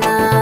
ना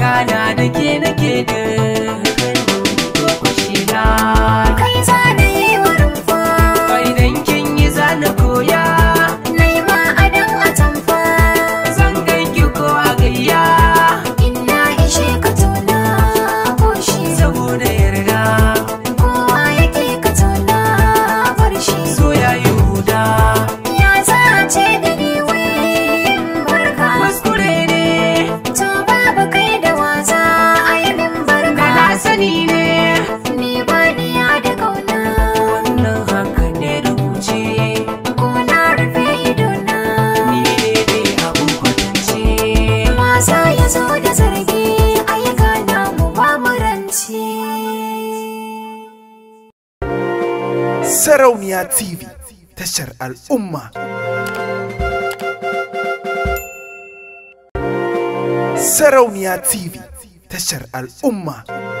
kana da ke nake da Sarauniya TV tashar al'umma. Sarauniya TV tashar al'umma.